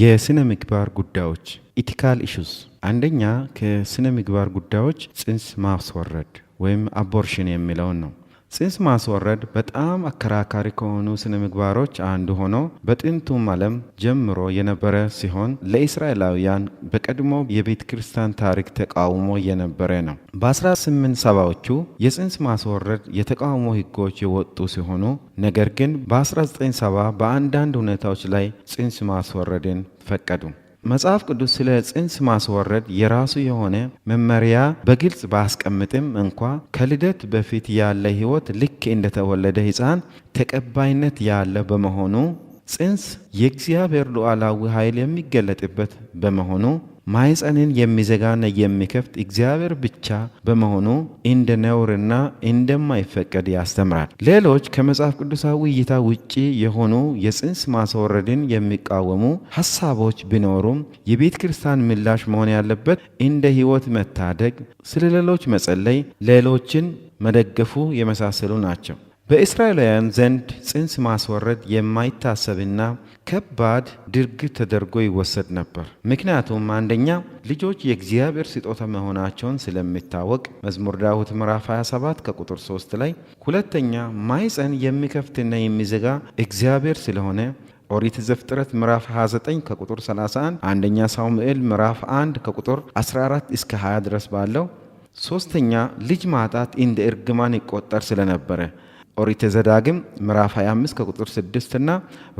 የስነ ምግባር ጉዳዮች ኢቲካል ኢሹስ፣ አንደኛ ከስነ ምግባር ጉዳዮች ጽንስ ማስወረድ ወይም አቦርሽን የሚለውን ነው። ጽንስ ማስወረድ በጣም አከራካሪ ከሆኑ ስነ ምግባሮች አንዱ ሆኖ በጥንቱም ዓለም ጀምሮ የነበረ ሲሆን ለእስራኤላውያን በቀድሞ የቤተ ክርስቲያን ታሪክ ተቃውሞ የነበረ ነው። በ1870ዎቹ የጽንስ ማስወረድ የተቃውሞ ህጎች የወጡ ሲሆኑ ነገር ግን በ1970 በአንዳንድ ሁኔታዎች ላይ ጽንስ ማስወረድን ፈቀዱም። መጽሐፍ ቅዱስ ስለ ጽንስ ማስወረድ የራሱ የሆነ መመሪያ በግልጽ ባስቀምጥም እንኳ ከልደት በፊት ያለ ሕይወት ልክ እንደተወለደ ሕፃን ተቀባይነት ያለ በመሆኑ ጽንስ የእግዚአብሔር ሉዓላዊ ኃይል የሚገለጥበት በመሆኑ ማይፀንን የሚዘጋና የሚከፍት እግዚአብሔር ብቻ በመሆኑ እንደ ነውርና እንደማይፈቀድ ያስተምራል። ሌሎች ከመጽሐፍ ቅዱሳዊ እይታ ውጪ የሆኑ የጽንስ ማስወረድን የሚቃወሙ ሀሳቦች ቢኖሩም የቤተ ክርስቲያን ምላሽ መሆን ያለበት እንደ ሕይወት መታደግ፣ ስለ ሌሎች መጸለይ፣ ሌሎችን መደገፉ የመሳሰሉ ናቸው። በእስራኤላውያን ዘንድ ጽንስ ማስወረድ የማይታሰብና ከባድ ድርጊት ተደርጎ ይወሰድ ነበር። ምክንያቱም አንደኛ ልጆች የእግዚአብሔር ስጦታ መሆናቸውን ስለሚታወቅ መዝሙር ዳዊት ምዕራፍ 27 ከቁጥር 3 ላይ፣ ሁለተኛ ማይፀን የሚከፍትና የሚዘጋ እግዚአብሔር ስለሆነ ኦሪት ዘፍጥረት ምዕራፍ 29 ከቁጥር 31፣ አንደኛ ሳሙኤል ምዕራፍ 1 ከቁጥር 14 እስከ 20 ድረስ ባለው፣ ሶስተኛ ልጅ ማጣት እንደ እርግማን ይቆጠር ስለነበረ ኦሪት ዘዳግም ምዕራፍ 25 ከቁጥር 6 እና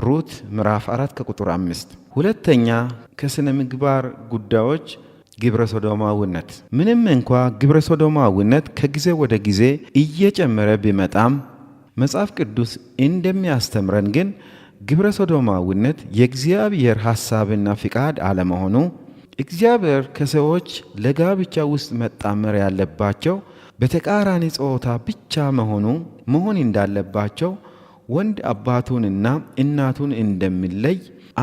ሩት ምዕራፍ 4 ከቁጥር 5። ሁለተኛ ከሥነ ምግባር ጉዳዮች ግብረ ሶዶማዊነት። ምንም እንኳ ግብረ ሶዶማዊነት ከጊዜ ወደ ጊዜ እየጨመረ ቢመጣም መጽሐፍ ቅዱስ እንደሚያስተምረን ግን ግብረ ሶዶማዊነት የእግዚአብሔር ሐሳብና ፍቃድ አለመሆኑ እግዚአብሔር ከሰዎች ለጋብቻ ውስጥ መጣመር ያለባቸው በተቃራኒ ጾታ ብቻ መሆኑ መሆን እንዳለባቸው ወንድ አባቱንና እናቱን እንደሚለይ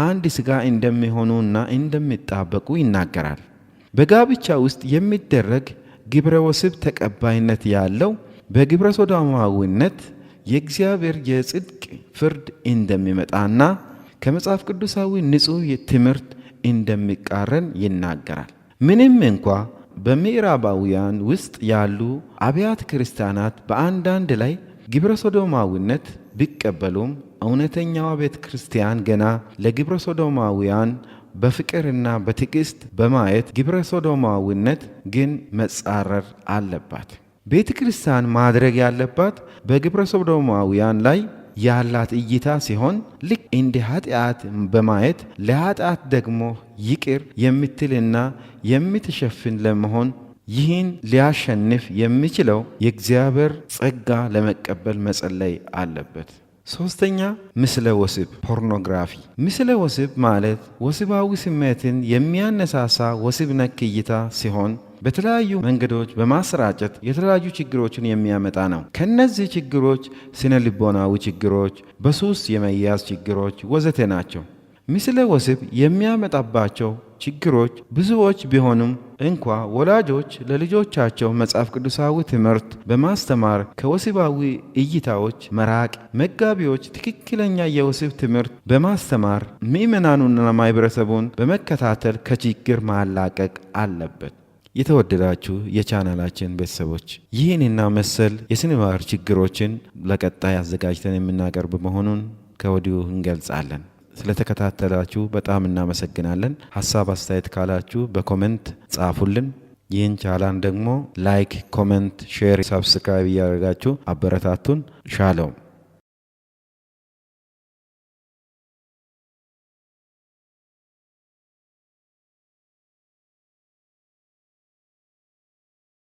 አንድ ሥጋ እንደሚሆኑና እንደሚጣበቁ ይናገራል። በጋብቻ ውስጥ የሚደረግ ግብረ ወሲብ ተቀባይነት ያለው በግብረ ሶዶማዊነት የእግዚአብሔር የጽድቅ ፍርድ እንደሚመጣና ከመጽሐፍ ቅዱሳዊ ንጹሕ ትምህርት እንደሚቃረን ይናገራል። ምንም እንኳ በምዕራባውያን ውስጥ ያሉ አብያተ ክርስቲያናት በአንዳንድ ላይ ግብረ ሶዶማዊነት ቢቀበሉም እውነተኛዋ ቤተ ክርስቲያን ገና ለግብረ ሶዶማውያን በፍቅርና በትዕግሥት በማየት ግብረ ሶዶማዊነት ግን መጻረር አለባት። ቤተ ክርስቲያን ማድረግ ያለባት በግብረ ሶዶማውያን ላይ ያላት እይታ ሲሆን ልክ እንደ ኃጢአት በማየት ለኃጢአት ደግሞ ይቅር የምትልና የምትሸፍን ለመሆን ይህን ሊያሸንፍ የሚችለው የእግዚአብሔር ጸጋ ለመቀበል መጸለይ አለበት። ሶስተኛ ምስለ ወሲብ ፖርኖግራፊ። ምስለ ወሲብ ማለት ወሲባዊ ስሜትን የሚያነሳሳ ወሲብ ነክ እይታ ሲሆን በተለያዩ መንገዶች በማሰራጨት የተለያዩ ችግሮችን የሚያመጣ ነው። ከነዚህ ችግሮች ስነ ልቦናዊ ችግሮች፣ በሱስ የመያዝ ችግሮች ወዘተ ናቸው። ምስለ ወሲብ የሚያመጣባቸው ችግሮች ብዙዎች ቢሆኑም እንኳ ወላጆች ለልጆቻቸው መጽሐፍ ቅዱሳዊ ትምህርት በማስተማር ከወሲባዊ እይታዎች መራቅ፣ መጋቢዎች ትክክለኛ የወሲብ ትምህርት በማስተማር ምዕመናኑንና ማህበረሰቡን በመከታተል ከችግር ማላቀቅ አለበት። የተወደዳችሁ የቻናላችን ቤተሰቦች ይህንና መሰል የስነ ምግባር ችግሮችን ለቀጣይ አዘጋጅተን የምናቀርብ መሆኑን ከወዲሁ እንገልጻለን። ስለተከታተላችሁ በጣም እናመሰግናለን። ሀሳብ አስተያየት ካላችሁ በኮመንት ጻፉልን። ይህን ቻላን ደግሞ ላይክ፣ ኮመንት፣ ሼር፣ ሳብስክራይብ እያደረጋችሁ አበረታቱን። ሻለውም